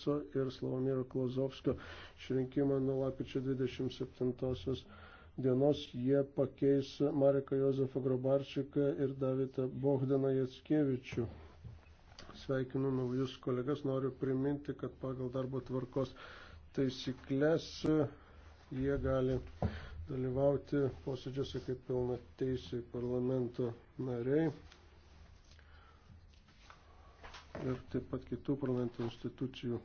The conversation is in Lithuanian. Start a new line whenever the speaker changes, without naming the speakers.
Šolco ir Slavomiro Klozovskio išrinkimą nuo lapkričio 27 dienos. Jie pakeis Mareką Jozefą Grobarčiką ir Davidą Bohdaną Jackievičių. Sveikinu naujus kolegas, noriu priminti, kad pagal darbo tvarkos taisyklės jie gali dalyvauti posėdžiuose kaip pilna teisė parlamento nariai ir taip pat kitų parlamento institucijų